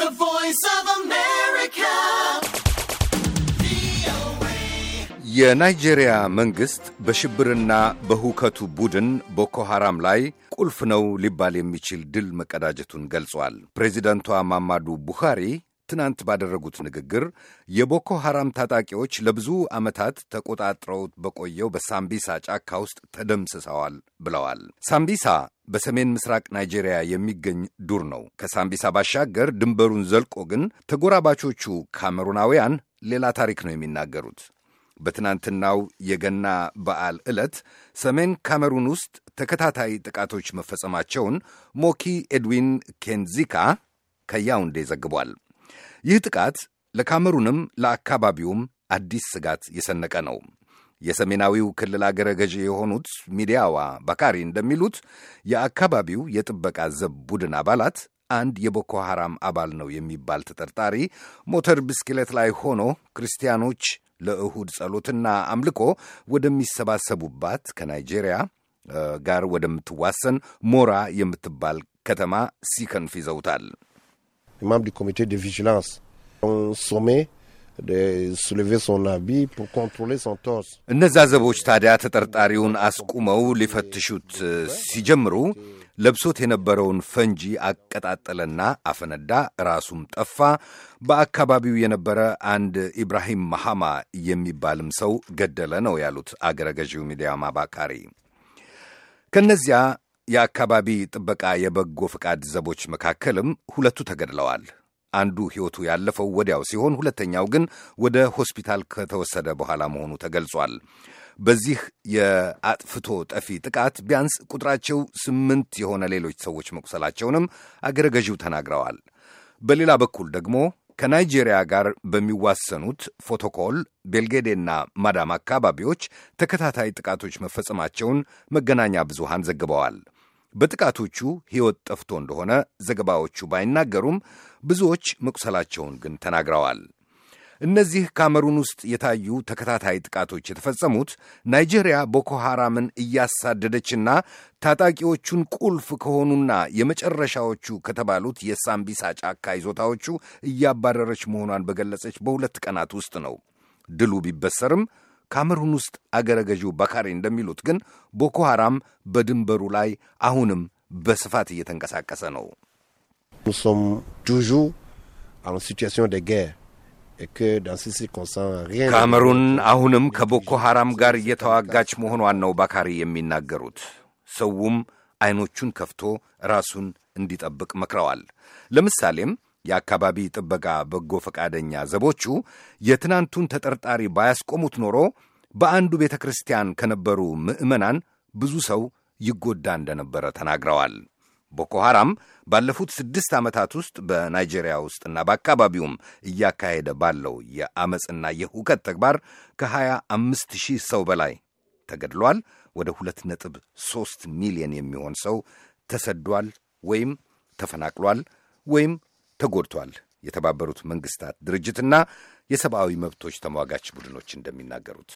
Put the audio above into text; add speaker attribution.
Speaker 1: The Voice of America. የናይጄሪያ መንግሥት በሽብርና በሁከቱ ቡድን ቦኮ ሐራም ላይ ቁልፍ ነው ሊባል የሚችል ድል መቀዳጀቱን ገልጿል። ፕሬዚደንቷ ማማዱ ቡኻሪ ትናንት ባደረጉት ንግግር የቦኮ ሐራም ታጣቂዎች ለብዙ ዓመታት ተቆጣጥረው በቆየው በሳምቢሳ ጫካ ውስጥ ተደምስሰዋል ብለዋል። ሳምቢሳ በሰሜን ምስራቅ ናይጄሪያ የሚገኝ ዱር ነው። ከሳምቢሳ ባሻገር ድንበሩን ዘልቆ ግን ተጎራባቾቹ ካሜሩናውያን ሌላ ታሪክ ነው የሚናገሩት። በትናንትናው የገና በዓል ዕለት ሰሜን ካሜሩን ውስጥ ተከታታይ ጥቃቶች መፈጸማቸውን ሞኪ ኤድዊን ኬንዚካ ከያውንዴ ዘግቧል። ይህ ጥቃት ለካሜሩንም ለአካባቢውም አዲስ ስጋት የሰነቀ ነው። የሰሜናዊው ክልል አገረ ገዢ የሆኑት ሚዲያዋ ባካሪ እንደሚሉት የአካባቢው የጥበቃ ዘብ ቡድን አባላት አንድ የቦኮ ሐራም አባል ነው የሚባል ተጠርጣሪ ሞተር ብስክሌት ላይ ሆኖ ክርስቲያኖች ለእሁድ ጸሎትና አምልኮ ወደሚሰባሰቡባት ከናይጄሪያ ጋር ወደምትዋሰን ሞራ የምትባል ከተማ ሲከንፍ ይዘውታል። les membres du comité de vigilance ont sommé soulever son habit pour contrôler son torse። እነዛ ዘቦች ታዲያ ተጠርጣሪውን አስቁመው ሊፈትሹት ሲጀምሩ ለብሶት የነበረውን ፈንጂ አቀጣጠለና አፈነዳ፣ ራሱም ጠፋ። በአካባቢው የነበረ አንድ ኢብራሂም መሐማ የሚባልም ሰው ገደለ ነው ያሉት አገረ ገዢው ሚዲያማ ባካሪ ከነዚያ የአካባቢ ጥበቃ የበጎ ፈቃድ ዘቦች መካከልም ሁለቱ ተገድለዋል። አንዱ ሕይወቱ ያለፈው ወዲያው ሲሆን ሁለተኛው ግን ወደ ሆስፒታል ከተወሰደ በኋላ መሆኑ ተገልጿል። በዚህ የአጥፍቶ ጠፊ ጥቃት ቢያንስ ቁጥራቸው ስምንት የሆነ ሌሎች ሰዎች መቁሰላቸውንም አገረ ገዢው ተናግረዋል። በሌላ በኩል ደግሞ ከናይጄሪያ ጋር በሚዋሰኑት ፎቶኮል፣ ቤልጌዴና ማዳም አካባቢዎች ተከታታይ ጥቃቶች መፈጸማቸውን መገናኛ ብዙሃን ዘግበዋል። በጥቃቶቹ ሕይወት ጠፍቶ እንደሆነ ዘገባዎቹ ባይናገሩም ብዙዎች መቁሰላቸውን ግን ተናግረዋል። እነዚህ ካሜሩን ውስጥ የታዩ ተከታታይ ጥቃቶች የተፈጸሙት ናይጄሪያ ቦኮ ሐራምን እያሳደደችና ታጣቂዎቹን ቁልፍ ከሆኑና የመጨረሻዎቹ ከተባሉት የሳምቢሳ ጫካ ይዞታዎቹ እያባረረች መሆኗን በገለጸች በሁለት ቀናት ውስጥ ነው። ድሉ ቢበሰርም ካሜሩን ውስጥ አገረ ገዢው ባካሬ እንደሚሉት ግን ቦኮ ሐራም በድንበሩ ላይ አሁንም በስፋት እየተንቀሳቀሰ ነው። ካሜሩን አሁንም ከቦኮ ሐራም ጋር እየተዋጋች መሆኗን ነው ባካሪ የሚናገሩት። ሰውም አይኖቹን ከፍቶ ራሱን እንዲጠብቅ መክረዋል። ለምሳሌም የአካባቢ ጥበቃ በጎ ፈቃደኛ ዘቦቹ የትናንቱን ተጠርጣሪ ባያስቆሙት ኖሮ በአንዱ ቤተ ክርስቲያን ከነበሩ ምዕመናን ብዙ ሰው ይጎዳ እንደነበረ ተናግረዋል። ቦኮ ሐራም ባለፉት ስድስት ዓመታት ውስጥ በናይጄሪያ ውስጥና በአካባቢውም እያካሄደ ባለው የአመፅና የሁከት ተግባር ከ አምስት ሺህ ሰው በላይ ተገድሏል። ወደ ሁለት ነጥብ ሚሊዮን የሚሆን ሰው ተሰዷል ወይም ተፈናቅሏል ወይም ተጎድቷል የተባበሩት መንግስታት ድርጅትና የሰብአዊ መብቶች ተሟጋች ቡድኖች እንደሚናገሩት